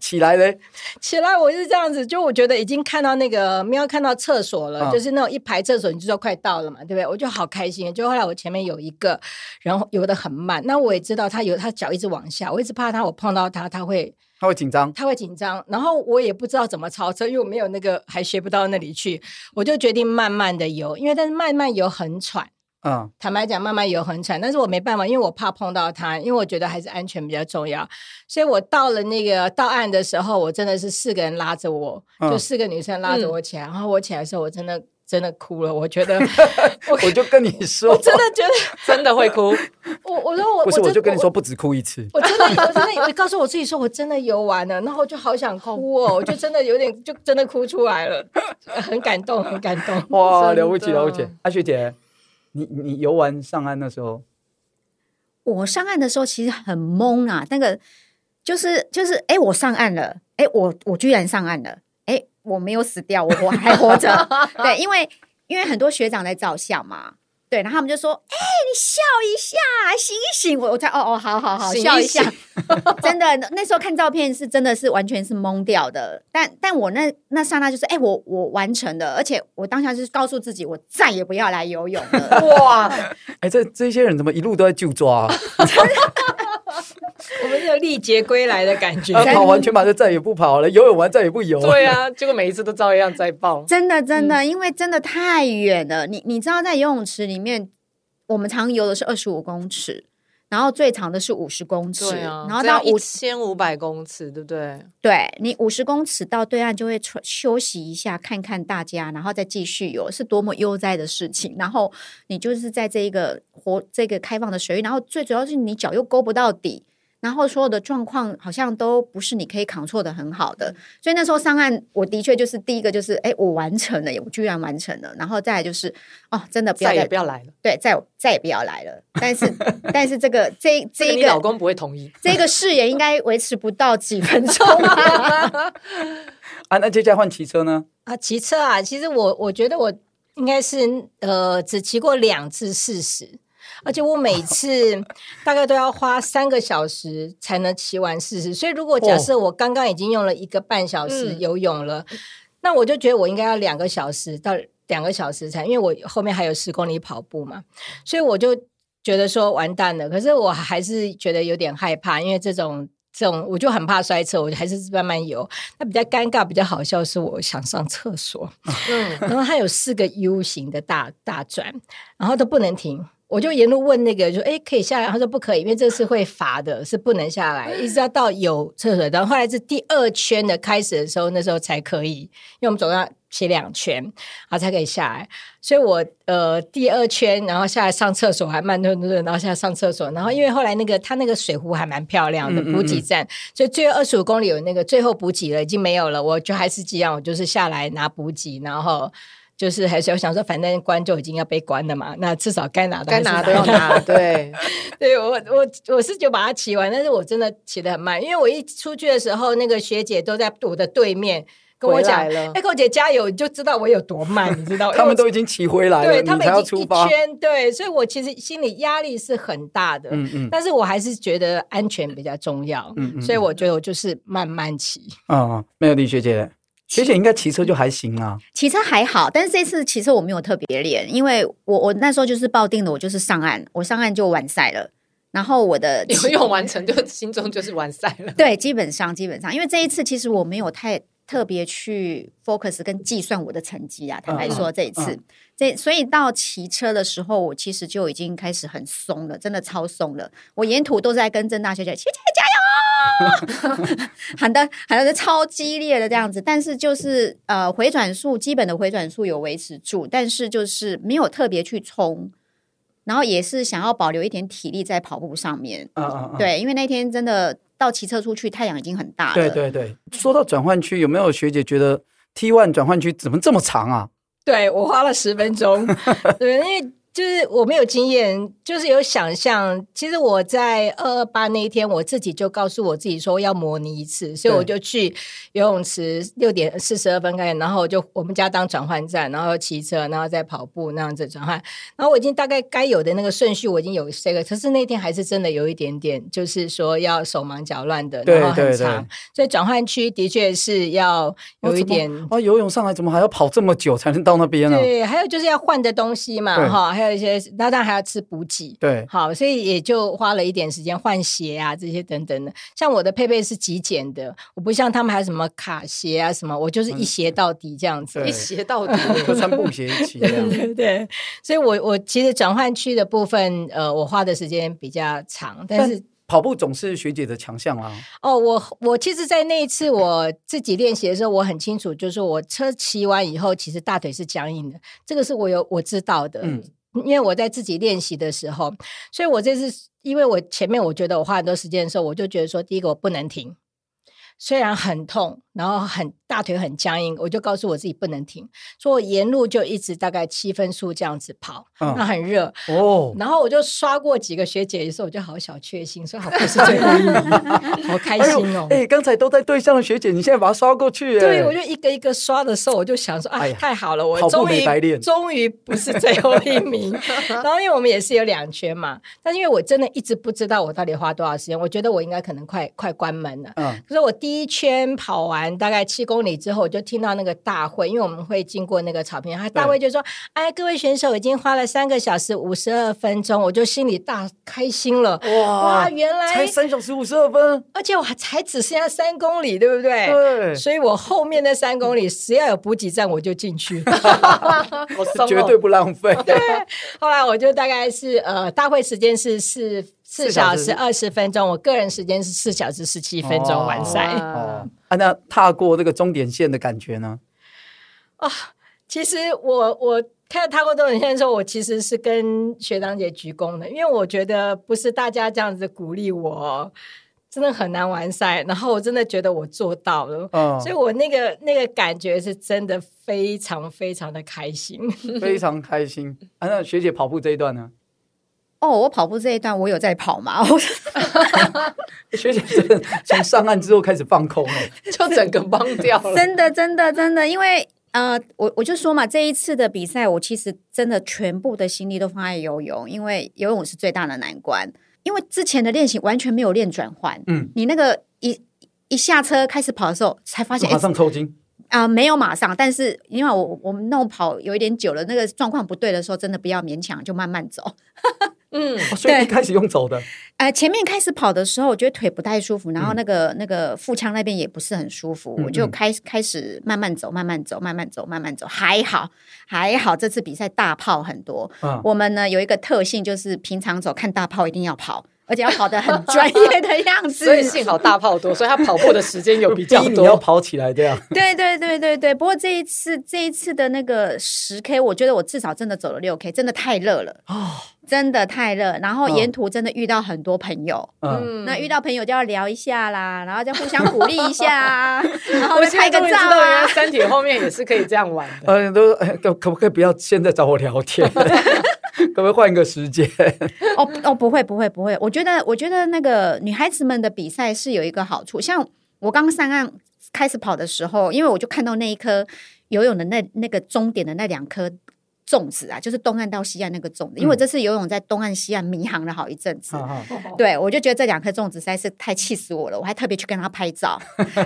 起來嘞，起來我是這樣子，就我覺得已經看到那個，沒有看到廁所了，嗯、就是那種一排廁所，你知道快到了嘛，對不對？我就好開心。就後來我前面有一個，然後游得很慢，那我也知道他游，他腳一直往下，我一直怕他，我碰到他，他會，他會緊張，他會緊張。然後我也不知道怎麼超車，因為我沒有那個，還學不到那裡去，我就決定慢慢的游，因為但是慢慢游很喘。嗯，坦白講，慢慢游很慘，但是我沒辦法，因為我怕碰到他，因為我覺得還是安全比較重要。所以我到了那個到岸的時候，我真的是四個人拉着我，嗯、就四個女生拉着我起來，嗯。然後我起來的時候，我真的真的哭了，我覺得， 我就跟你說，我真的覺得 真的會哭。我我說我不是我我，我就跟你說，不止哭一次。我真的，我真的，你告訴我自己說，我真的游完了， 然後我就好想哭哦，我就真的有點，就真的哭出來了，很感動，很感動。哇，了不起，了不起，阿、啊、雪姐。你你游完上岸的時候，我上岸的時候其實很懵啊，那個就是就是，誒、欸、我上岸了，誒、欸、我我居然上岸了，誒、欸、我沒有死掉，我我還活着， 對，因為因為很多學長在照相嘛。對，然後他們就說：“哎、欸，你笑一下，醒一醒，我我才哦哦，好好好，醒一醒，笑一下。 ”真的，那時候看照片是真的是完全是懵掉的，但但我那那剎那就是哎、欸，我我完成了，而且我當下就是告訴自己，我再也不要來游泳了。 哇！哎、欸，這這些人怎麼一路都在救抓、啊？ 我們這有歷劫歸來的感覺，跑 完全馬就再也不跑了，游泳完再也不游了。 對啊，結果每一次都照樣再爆。真的，真的、嗯，因為真的太遠了。你你知道，在游泳池裡面，我們常游的是二十五公尺，然後最長的是五十公尺、啊，然後到一千五百公尺，對不對？對，你五十公尺到對岸就會休息一下，看看大家，然後再繼續游，是多麼悠哉的事情。然後你就是在這一個活這個開放的水域，然後最主要是你腳又勾不到底。然後所有的狀況好像都不是你可以 control 的很好的，所以那時候上岸，我的確就是第一個就是，哎、欸，我完成了，我居然完成了，然後再來就是，哦，真的不要再再也不要來了，對，再再也不要來了。但是 但是這個這這一個、這個、老公不會同意，這個誓言應該維持不到幾分鐘 啊。那接下來換騎車呢？啊，騎車啊，其實我我覺得我應該是呃，只騎過兩次事實。而且我每次大概都要花三個小時才能騎完四十，所以如果假設我剛剛已經用了一個半小時游泳了，哦嗯，那我就覺得我應該要兩個小時到兩個小時才，因為我後面還有十公里跑步嘛，所以我就覺得說完蛋了。可是我還是覺得有點害怕，因為這種這種我就很怕摔車，我還是慢慢游。那比較尷尬，比較好笑是我想上廁所，嗯，然後它有四個 U 型的大大轉，然後都不能停。我就沿路問那個，說：“哎，可以下來？”他說：“不可以，因為這是會罰的，是不能下來，一直到到有廁所。然後後來是第二圈的開始的時候，那時候才可以。因為我們總要騎兩圈，然後才可以下來。所以我，我呃第二圈，然後下來上廁所還慢吞吞的，然後下來上廁所。然後因為後來那個他那個水壺還蠻漂亮的補給站嗯嗯嗯，所以最後二十五公里有那個最後補給了，已經沒有了。我就還是這樣，我就是下來拿補給，然後。”就是還是要想說，反正關就已經要被關了嘛，那至少該拿的該拿都要拿。 對，對我我我是就把它騎完，但是我真的騎得很慢，因為我一出去的時候，那個學姐都在我的對面跟我講：“哎、欸，寇姐加油！”就知道我有多慢，你知道？ 他們都已經騎回來了，對他們已經一圈，對，所以我其實心理壓力是很大的，嗯嗯，但是我還是覺得安全比較重要，嗯，嗯，嗯，所以我覺得我就是慢慢騎。啊、嗯嗯嗯哦，沒有李學姐。學姐應該騎車就還行啊，騎車還好，但是這次騎車我沒有特別練，因為我我那時候就是抱定了，我就是上岸，我上岸就完賽了。然後我的游泳完成，就心中就是完賽了。 對，基本上基本上，因為這一次其實我沒有太特別去 focus 跟計算我的成績啊，坦、嗯、白說這一次，嗯嗯、這所以到騎車的時候，我其實就已經開始很鬆了，真的超鬆了。我沿途都是在跟政大學姐 喊的、喊的超激烈的這樣子，但是就是呃，迴轉數基本的迴轉數有維持住，但是就是沒有特別去衝，然後也是想要保留一點體力在跑步上面。嗯、對、嗯對，因為那天真的到騎車出去，太陽已經很大。對對對，說到轉換區，有沒有學姐覺得 T one 轉換區怎麼這麼長啊？對，我花了十分鐘， 對，因為。就是我沒有經驗，就是有想象。其實我在二二八那一天，我自己就告訴我自己說，要模擬一次，所以我就去游泳池六點四十二分開始，然後就我們家當轉換站，然後騎車，然後再跑步那樣子轉換。然後我已經大概該有的那個順序我已經有這個，可是那天還是真的有一點點，就是說要手忙腳亂的，然後很長。對對對，所以轉換區的確是要有一點啊，啊，游泳上來怎麼還要跑這麼久才能到那邊呢？對，還有就是要換的東西嘛，哈。還有一些，那當然還要吃補給。對，好，所以也就花了一點時間換鞋啊，這些等等的。像我的配備是極簡的，我不像他們還有什麼卡鞋啊什麼，我就是一鞋到底這樣子，嗯、一鞋到底。我穿布鞋騎這樣。對，對對對，所以我我其實轉換區的部分，呃，我花的時間比較長。但是但跑步總是學姐的強項啊。哦，我我其實，在那一次我自己練習的時候， 我很清楚，就是我車騎完以後，其實大腿是僵硬的，這個是我有我知道的。嗯。因為我在自己練習的時候，所以我這次，因為我前面我覺得我花很多時間的時候，我就覺得說，第一個我不能停，雖然很痛。然後很大腿很僵硬，我就告訴我自己不能停，所以我沿路就一直大概七分速這樣子跑，嗯、那很熱哦。然後我就刷過幾個學姐，的時候，我就好小確幸，說好不是最後一名， 好開心哦。哎，哎，剛才都在對上的學姐，你現在把她刷過去。對我就一個一個刷的時候，我就想說啊、哎哎，太好了，我終於練終於不是最後一名。 然後因為我們也是有兩圈嘛，但是因為我真的一直不知道我到底花多少時間，我覺得我應該可能快快關門了，嗯。可是我第一圈跑完。大概七公里之後，我就聽到那個大會，因為我們會經過那個草坪，然後大會就說：“哎，各位選手已經花了三個小時五十二分鐘。”我就心裡大開心了。哇，哇原來才三小時五十二分，而且我還才只剩下三公里，對不對？對。所以我後面的三公里，只要有補給站，我就進去。我、 哦、是絕對不浪費。 對。後來我就大概是呃，大會時間是是。四小時二十分鐘，我個人時間是四小時十七分鐘完賽。哦、oh, uh,，uh, uh, uh, 啊，那踏過這個終點線的感覺呢？啊、uh,，其實我我看到踏過終點線的時候，我其實是跟學長姐鞠躬的，因為我覺得不是大家這樣子鼓勵我，真的很難完賽。然後我真的覺得我做到了，uh, 所以，我那個那個感覺是真的非常非常的開心，非常開心。啊、 uh,，那學姐跑步這一段呢？哦、oh,，我跑步這一段我有在跑嘛？哈哈哈！哈，學姐真的從上岸之後開始放空了， 就整個忘掉了。 真的，真的，真的，因為呃，我我就說嘛，這一次的比賽，我其實真的全部的心力都放在游泳，因為游泳是最大的難關。因為之前的練習完全沒有練轉換。嗯，你那個一一下車開始跑的時候，才發現馬上抽筋啊、欸呃？沒有馬上，但是因為我我們那種跑有一點久了，那個狀況不對的時候，真的不要勉強，就慢慢走。 嗯，所以一開始用走的。對，呃，前面開始跑的時候，我覺得腿不太舒服，然後那個、嗯、那個腹腔那邊也不是很舒服，嗯、我就開開始慢慢走，慢慢走，慢慢走，慢慢走，還好還好。這次比賽大炮很多。嗯，我們呢有一個特性，就是平常走看大炮一定要跑。 而且要跑得很專業的樣子， 所以幸好大炮多，所以他跑步的時間有比較多。你要跑起來這樣？對對對對對,對。不過這一次這一次的那個十 K，我覺得我至少真的走了六 K，真的太熱了哦，真的太熱。然後沿途真的遇到很多朋友，嗯,嗯，那遇到朋友就要聊一下啦，然後再互相鼓勵一下、啊。啊、我跟。終於知道原來三鐵後面也是可以這樣玩的。嗯，都可不可以不要現在找我聊天？ 可不可以換一個時間？哦 哦、oh, oh,，不會不會不會，我覺得我覺得那個女孩子們的比賽是有一個好處，像我剛上岸開始跑的時候，因為我就看到那一顆游泳的那那個終點的那兩顆粽子啊，就是東岸到西岸那個粽子，因為這次游泳在東岸西岸迷航了好一陣子，嗯、對我就覺得這兩顆粽子實在是太氣死我了，我還特別去跟他拍照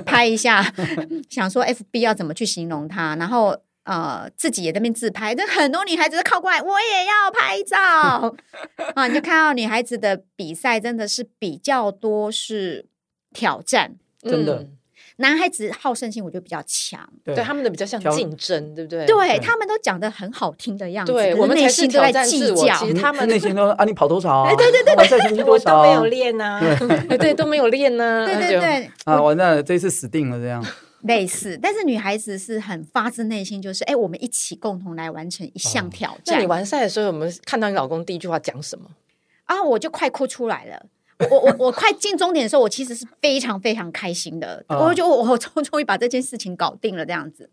拍一下， 想說 F B 要怎麼去形容他，然後。呃，自己也在那邊自拍，但很多女孩子都靠過來，我也要拍照 啊！你就看到女孩子的比賽真的是比較多，是挑戰，真的、嗯。男孩子好勝心我覺得比較強，對，對他們的比較像競爭，對不對？對，他們都講得很好聽的樣子，對，對，對我們內心都在計較。其實他們內心都啊，你跑多少、啊？哎， 對對對，啊、我在多、啊、 我都沒有練呢、啊，對對都沒有練呢，對對對，對， 對，對，對啊！完了我那這一次死定了這樣。類似，但是女孩子是很發自內心，就是哎、欸，我們一起共同來完成一項挑戰。在、哦、你完賽的時候，我們看到你老公第一句話講什麼？啊，我就快哭出來了。我我我快進終點的時候， 我其實是非常非常開心的。哦、我就我我終終於把這件事情搞定了，這樣子。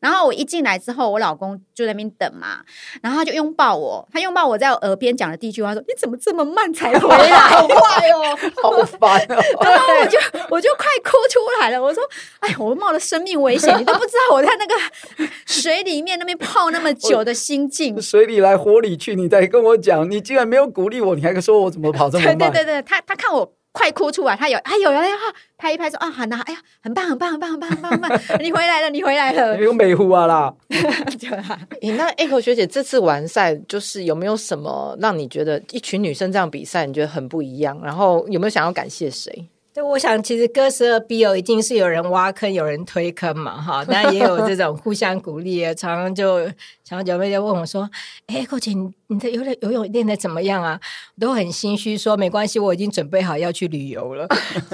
然後我一進來之後，我老公就在那邊等嘛，然後他就擁抱我，他擁抱我在我耳邊講的第一句話說：“你怎麼這麼慢才回來？好快哦， 好煩啊、哦！” 然後我就我就快哭出來了，我說：“哎呀，我冒了生命危險， 你都不知道我在那個水裡面那邊泡那麼久的心境， 水裡來火裡去，你再跟我講，你竟然沒有鼓勵我，你還說我怎麼跑這麼慢？”對對對，對，他他看我。快哭出來！他有，他，哎、有，哎呀，拍一拍說啊，好呢，哎呀，很棒，很棒，很棒，很棒，很棒， 你回來了，你回來了，有美乎啊啦！哎 就、啊 欸，那 Echo 學姐這次完賽，就是有沒有什麼讓你覺得一群女生這樣比賽，你覺得很不一樣？然後有沒有想要感謝誰？就我想其實哥斯二比爾一定是有人挖坑，有人推坑嘛，哈，但也有這種互相鼓勵啊。 常常就，常常姐妹就問我說：“哎、欸，郭姐，你的游泳游泳練得怎麼樣啊？”都很心虛，說：“沒關係，我已經準備好要去旅遊了。 ”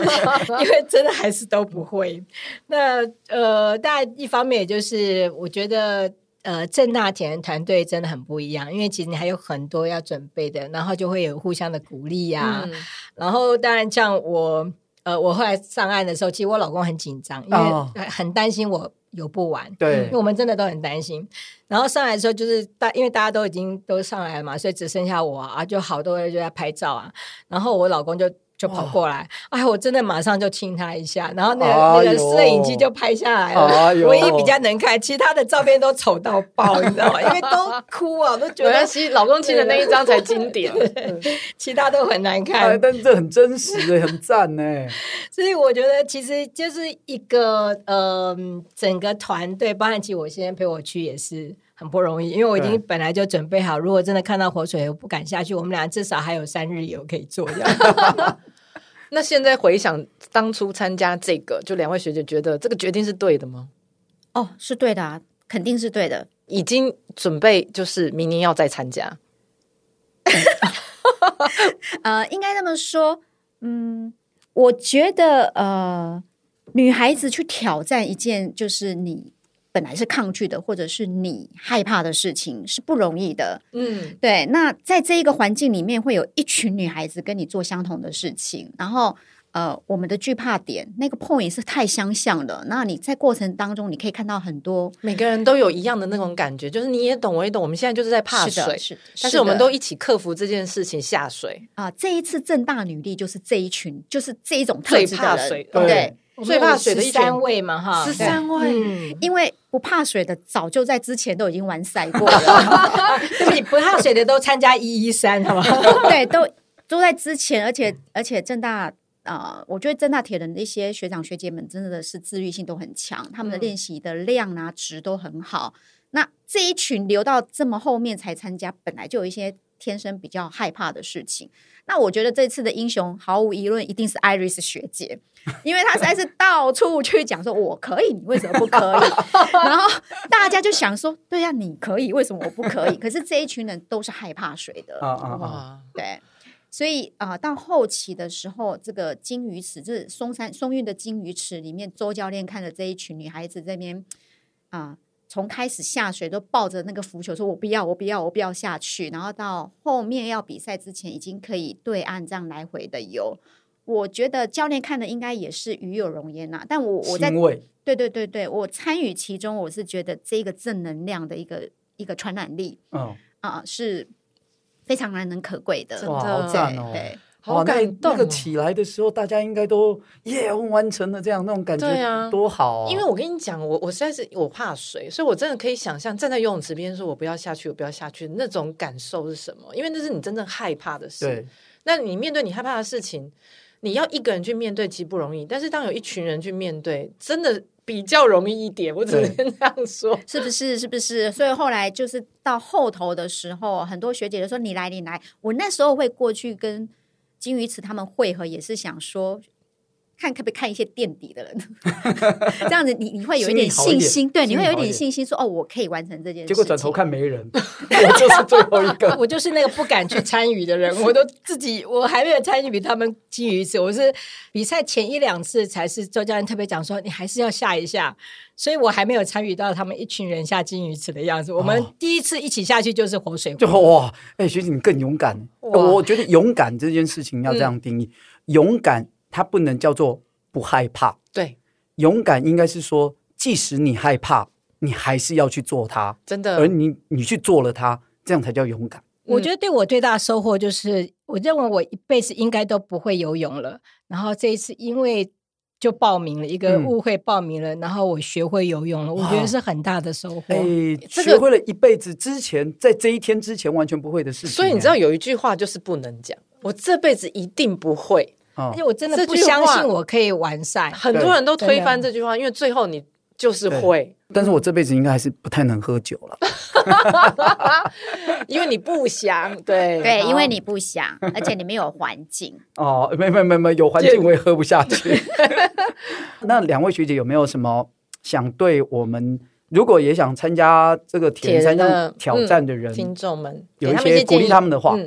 因為真的還是都不會。那呃，但一方面也就是我覺得呃，政大田團隊真的很不一樣，因為其實你還有很多要準備的，然後就會有互相的鼓勵呀、啊嗯。然後當然像我。呃，我後來上岸的時候，其實我老公很緊張，因為很擔心我游不完。對，oh，因為我們真的都很擔心。然後上來的時候，就是大，因為大家都已經都上來了嘛，所以只剩下我啊，就好多人就在拍照啊。然後我老公就。就跑過來，哎，我真的馬上就親他一下，然後那個啊、那個攝影機就拍下來了。唯、啊、一比較能看，其他的照片都醜到爆， 你知道嗎？因為都哭啊， 都覺得。沒關係，老公親的那一張才經典 對對對，其他都很難看。哎、但是這很真實的，很讚呢。 所以我覺得其實就是一個、呃、整個團隊，包含，其實我先生陪我去也是很不容易，因為我已經本來就準備好，如果真的看到活水，我不敢下去。我們倆至少還有三日遊可以做樣。 那現在回想當初參加這個，就兩位學姐覺得這個決定是對的嗎？哦，是對的啊，肯定是對的。已經準備就是明年要再參加。 呃，應該那麼說，嗯，我覺得呃，女孩子去挑戰一件就是你。本來是抗拒的，或者是你害怕的事情是不容易的，嗯，對。那在這一個環境裡面，會有一群女孩子跟你做相同的事情，然後呃，我們的懼怕點那個 point 是太相像了。那你在過程當中，你可以看到很多，每個人都有一樣的那種感覺，就是你也懂，我也懂。我們現在就是在怕水，是的，但是，是，是我們都一起克服這件事情，下水啊、呃。這一次政大女帝就是這一群，就是這一種特質的人，最怕水，對不對？對最怕水的三位嘛，哈，十三位、嗯，因為不怕水的早就在之前都已經完賽過了，就是你不怕水的都參加一一三，好對，都都在之前，而且而且政大啊、呃，我覺得政大鐵人的那些學長學姐們真的是自律性都很強，他、嗯、們的練習的量啊、質都很好。那這一群留到這麼後面才參加，本來就有一些。天生比較害怕的事情。那我覺得這次的英雄毫無疑問，一定是 Iris 學姐，因為她實在是到處去講說，我可以，你為什麼不可以？ 然後大家就想說，對呀、啊，你可以，為什麼我不可以？可是這一群人都是害怕水的 白 對，所以啊、呃，到後期的時候，這個金魚池，就是松山松韻的金魚池裡面，周教練看着這一群女孩子這邊啊。呃從開始下水都抱着那個浮球說：“我不要，我不要，我不要下去。”然後到後面要比賽之前，已經可以對岸這樣來回的游。我覺得教練看的應該也是與有榮焉吶、啊。但我我在對對對對，我參與其中，我是覺得這一個正能量的一個一個傳染力，嗯啊、呃，是非常難能可貴的，真的、哦、對。對。好感動哦哦那那個起來的時候，大家應該都耶，yeah, 完成了這樣，那種感覺多好哦，對啊。因為我跟你講，我我實在是我怕水，所以我真的可以想象站在游泳池邊說“我不要下去，我不要下去”那種感受是什麼？因為那是你真正害怕的事。對。那你面對你害怕的事情，你要一個人去面對其實不容易，但是當有一群人去面對，真的比較容易一點。我只能這樣說，是不是？是不是？所以後來就是到後頭的時候，很多學姐就說：“你來，你來。”我那時候會過去跟。金魚池他們會合也是想說，看可，可以看一些墊底的人， 這樣子，你你會有一點信心，對，你會有一點信心，心心信心說心哦，我可以完成這件事。結果轉頭看沒人，我 就是最後一個，我就是那個不敢去參與的人。 我都自己，我還沒有參與比他們金魚池，我是比賽前一兩次才是周教練特別講說，你還是要下一下。所以我還沒有參與到他們一群人下金魚池的樣子。哦、我們第一次一起下去就是活水活，就哇！哎、欸，學姐你更勇敢，我覺得勇敢這件事情要這樣定義，嗯、勇敢。他不能叫做不害怕，對，勇敢應該是說，即使你害怕，你還是要去做它，真的。而你你去做了它，這樣才叫勇敢。我覺得對我最大的收穫就是，我認為我一輩子應該都不會游泳了。然後這一次因為就報名了一個誤會報名了，嗯、然後我學會游泳了，我覺得是很大的收穫。哎、哦這個，學會了一輩子之前，在這一天之前完全不會的事情。所以你知道有一句話就是不能講，我這輩子一定不會。而且我真的不相信我可以完賽，完賽很多人都推翻這句話，因為最後你就是會。但是我這輩子應該還是不太能喝酒了。 因為你不想。對對，因為你不想， 而且你沒有環境。哦，沒沒沒沒，有環境我也喝不下去。 那兩位學姐有沒有什麼想對我們，如果也想參加這個鐵三項挑戰的人，嗯、聽眾們有一些鼓勵他們的話？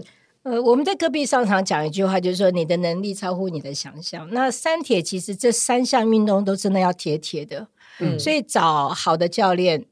呃，我們在隔壁上常講一句話，就是說，你的能力超乎你的想象。那三鐵其實這三項運動都真的要鐵鐵的，嗯，所以找好的教練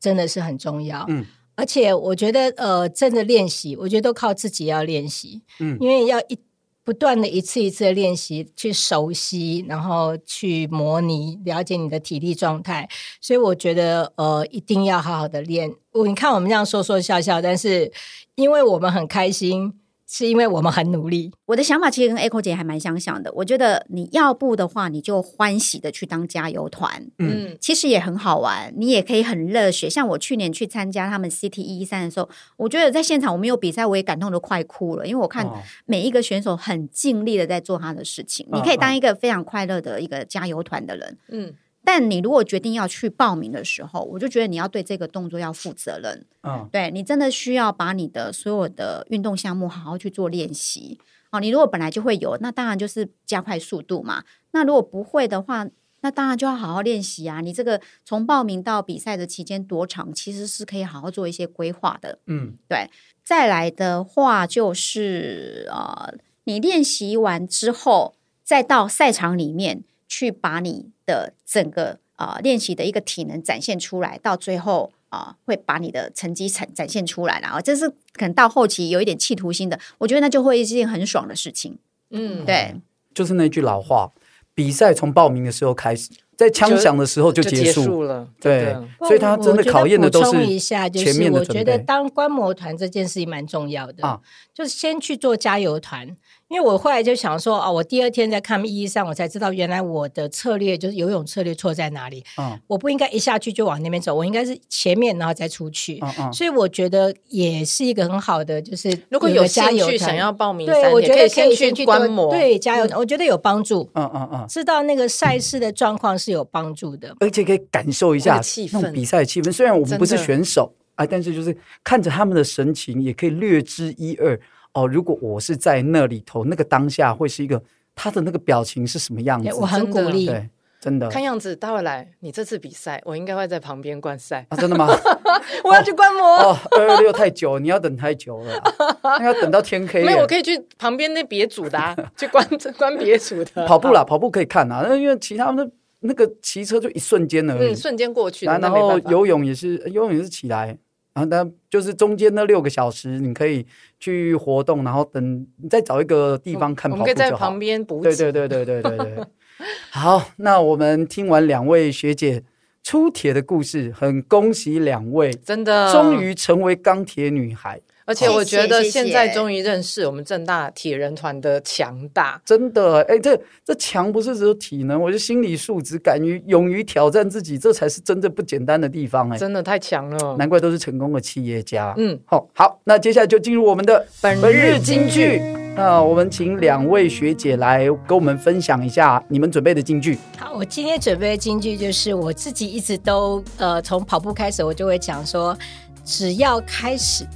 真的是很重要，嗯。而且我覺得，呃，真的練習，我覺得都靠自己要練習，嗯，因為要一不斷的一次一次的練習去熟悉，然後去模擬，了解你的體力狀態。所以我覺得，呃，一定要好好的練。我、呃、你看我們這樣說說笑笑，但是因為我們很開心。是因為我們很努力。我的想法其實跟 Echo 姐還蠻相像的。我覺得你要不的話，你就歡喜的去當加油團。嗯，其實也很好玩，你也可以很熱血。像我去年去參加他們 CTE 三的時候，我覺得在現場我沒有比賽，我也感動的快哭了。因為我看每一個選手很盡力的在做他的事情。哦。你可以當一個非常快樂的一個加油團的人。嗯。但你如果決定要去報名的時候，我就覺得你要對這個動作要負責任。嗯、oh.，對你真的需要把你的所有的運動項目好好去做練習。好、哦，你如果本來就會有，那當然就是加快速度嘛。那如果不會的話，那當然就要好好練習啊。你這個從報名到比賽的期間多長，其實是可以好好做一些規劃的。嗯、mm.，對。再來的話就是，呃，你練習完之後，再到賽場裡面去把你。的整個啊、呃、練習的一個體能展現出來，到最後啊、呃、會把你的成績展展現出來，啊，這是可能到後期有一點企圖心的，我覺得那就會是一件很爽的事情。嗯，對嗯，就是那句老話，比賽從報名的時候開始，在槍響的時候就結束，就就結束了。對，所以他真的考驗的都是前面的準備。我覺，我覺得當觀摩團這件事情蠻重要的啊，就是先去做加油團。因為我後來就想說哦，我第二天在看 E E 上，我才知道原來我的策略，就是游泳策略錯在哪裡。嗯，我不應該一下去就往那邊走，我應該是前面然後再出去。嗯嗯。所以我覺得也是一個很好的，就是如果有興趣想要報名，對我覺得可以，可以先去觀摩。對，對，加油。嗯，我覺得有幫助。嗯嗯嗯，嗯，知道那個賽事的狀況是有幫助的，而且可以感受一下那氣氛、比賽氣氛。雖然我們不是選手啊，但是就是看着他們的神情，也可以略知一二。哦，如果我是在那裡頭，那個當下會是一個他的那個表情是什麼樣子？欸、我很鼓勵，真的。看樣子，待會來你這次比賽，我應該會在旁邊觀賽啊。真的嗎？ 我要去觀摩哦。226太久，你要等太久了， 要等到天黑。沒有，我可以去旁邊那別組、啊、 組的，去觀這觀別組的跑步啦，跑步可以看啊。那因為其他的那那個騎車就一瞬間而已，嗯、瞬間過去。那那游泳也是、呃，游泳也是起來，然、啊、後，那就是中間那六個小時，你可以去活動，然後等你再找一個地方看跑步就好、嗯、我們可以在旁邊補給對對對對對對對，對。 好，那我們聽完兩位學姐初鐵的故事，很恭喜兩位，真的終於成為鋼鐵女孩。而且我覺得現在終於認識我們政大鐵人團的強大，真的，哎、欸，這這強不是只有體能，我是心理素質，敢於勇於挑戰自己，這才是真正不簡單的地方、欸，哎，真的太強了，難怪都是成功的企業家。嗯，好、哦，好，那接下來就進入我們的本日本日金句。那我們請兩位學姐來跟我們分享一下你們準備的金句。好，我今天準備的金句就是我自己一直都呃，從跑步開始，我就會講說，只要開始。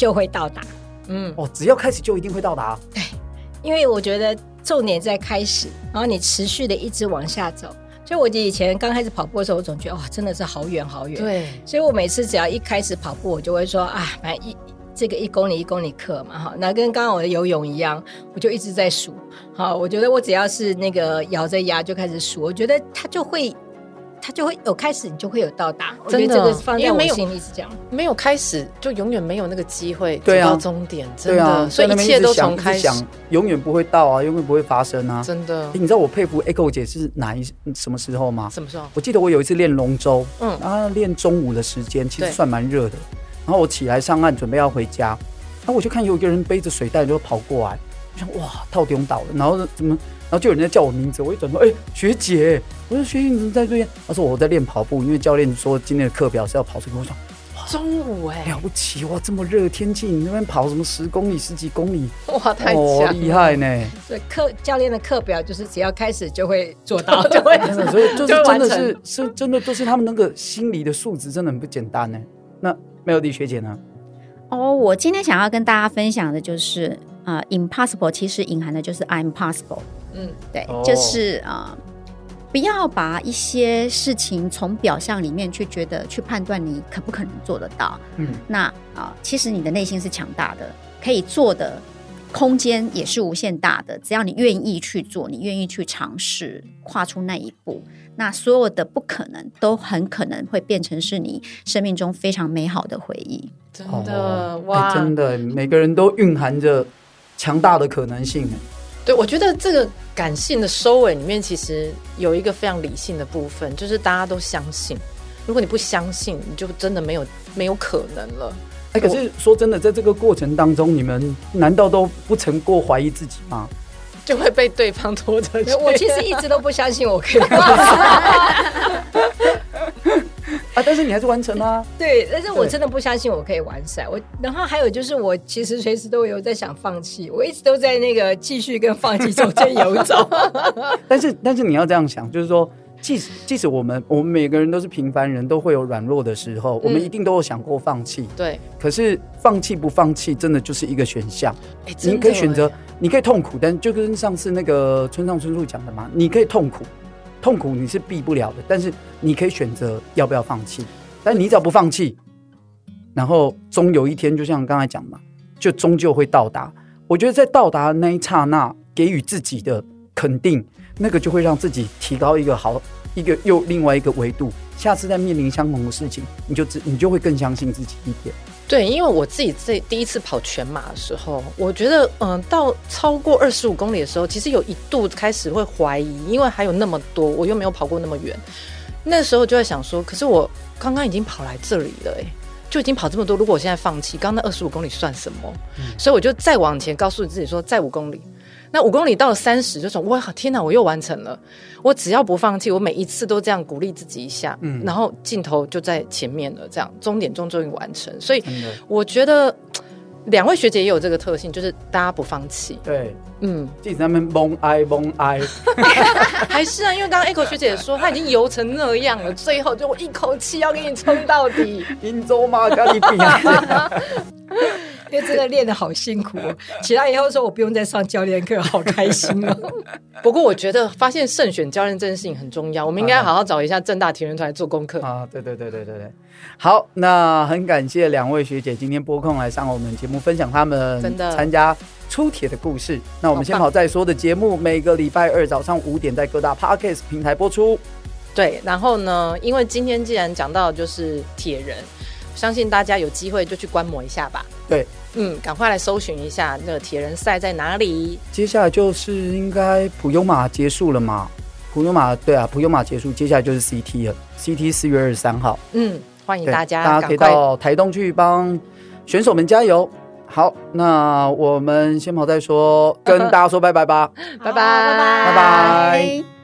就會到達，嗯，哦，只要開始就一定會到達。對，因為我覺得重點在開始，然後你持續的一直往下走。所以我以前剛開始跑步的時候，我總覺得哇、哦，真的是好遠好遠。對，所以我每次只要一開始跑步，我就會說啊，反正一這個一公里一公里克嘛，哈，那跟剛剛我的游泳一樣，我就一直在數。好，我覺得我只要是那個咬着牙就開始數，我覺得它就會。他就會有開始，你就會有到達。真的這個是因為沒有這樣，沒有開始就永遠沒有那個機會走到終點、啊。真的、啊，所以一切都開始一想開想，永遠不會到啊，永遠不會發生啊。真的、欸，你知道我佩服 Echo 姐是哪一什麼時候嗎？什麼時候？我記得我有一次練龍舟，嗯啊，然後練中午的時間其實算蠻熱的。然後我起來上岸準備要回家，然後我就看有一個人背着水袋就跑過來，就想哇，套艇倒了，然後怎麼？然後就有人在叫我名字，我一轉頭，哎、欸，學姐，我說學姐你怎麼在這邊？她說我在練跑步，因為教練說今天的課表是要跑這個。我說，哇中午，哎、欸，了不起哇，這麼熱天氣，你那邊跑什麼十公里、十幾公里？哇，太、哦、厲害呢、欸！這課教練的課表就是只要開始就會做到，就會對，所以就是真的是，是真的都是他們那個心理的素質真的很不簡單呢、欸。那 Melody 學姐呢？哦、oh,，我今天想要跟大家分享的就是啊、uh,，impossible 其實隱含的就是 I'm possible。嗯，對，oh. 就是啊，uh, 不要把一些事情從表象裡面去覺得去判斷你可不可能做得到。嗯，那啊，uh, 其實你的內心是強大的，可以做的空間也是無限大的，只要你願意去做，你願意去嘗試，跨出那一步。那所有的不可能都很可能會變成是你生命中非常美好的回憶。真的哇、欸，真的每個人都蘊含着強大的可能性。對，我覺得這個感性的收尾裡面，其實有一個非常理性的部分，就是大家都相信。如果你不相信，你就真的沒有沒有可能了。哎、欸，可是說真的，在這個過程當中，你們難道都不曾過懷疑自己嗎？就會被對方拖着去。我其實一直都不相信我可以完賽。 啊！但是你還是完成了、啊。對，但是我真的不相信我可以完賽。我然後還有就是，我其實隨時都有在想放棄，我一直都在那個繼續跟放棄中間游走。 但是，但是你要這樣想，就是說，即使即使我們我們每個人都是平凡人，都會有軟弱的時候，我們一定都有想過放棄。嗯、對。可是放棄不放棄，真的就是一個選項。你您可以選擇。你可以痛苦，但就跟上次那個村上春樹講的嘛，你可以痛苦，痛苦你是避不了的，但是你可以選擇要不要放棄。但你只要不放棄，然後終有一天，就像剛才講嘛，就終究會到達。我覺得在到達的那一剎那，給予自己的肯定，那個就會讓自己提高一個好一個又另外一個維度。下次再面臨相同的事情，你就自你就會更相信自己一點。對，因為我自己在第一次跑全馬的時候，我覺得，嗯，到超過二十五公里的時候，其實有一度開始會懷疑，因為還有那麼多，我又沒有跑過那麼遠。那時候我就在想說，可是我剛剛已經跑來這裡了、欸，就已經跑這麼多，如果我現在放棄，剛剛那二十五公里算什麼、嗯？所以我就再往前，告訴你，自己說，再五公里。那五公里到了三十，就說哇天哪，我又完成了！我只要不放棄，我每一次都這樣鼓勵自己一下，嗯、然後鏡頭就在前面了，這樣終點終，終於完成。所以我覺得、嗯、兩位學姐也有這個特性，就是大家不放棄。對，嗯，即使他們蒙愛蒙愛，愛 還是啊？因為剛剛 Echo 學姐說她已經游成那樣了，最後就我一口氣要給你衝到底，比。 因為真的練得好辛苦哦、啊，起來以後說我不用再上教練課，好開心了、啊、 不過我覺得發現慎選教練這件事情很重要，我們應該好好找一下政大鐵人團做功課啊。對對對對對好，那很感謝兩位學姐今天撥空來上我們節目分享他們參加初鐵的故事的。那我們先跑再說的節目，每個禮拜二早上五點在各大 Podcast 平台播出。對，然後呢，因為今天既然講到就是鐵人，相信大家有機會就去觀摩一下吧。對。嗯，趕快來搜尋一下那個鐵人賽在哪裡。接下來就是應該普悠瑪結束了嘛？普悠瑪，對啊，普悠瑪結束，接下來就是 CT 了。CT 四月二十三號。嗯，歡迎大家，大家可以到台東去幫選手們加油。好，那我們先跑再說，跟大家說拜拜吧， 拜拜，拜拜，拜拜。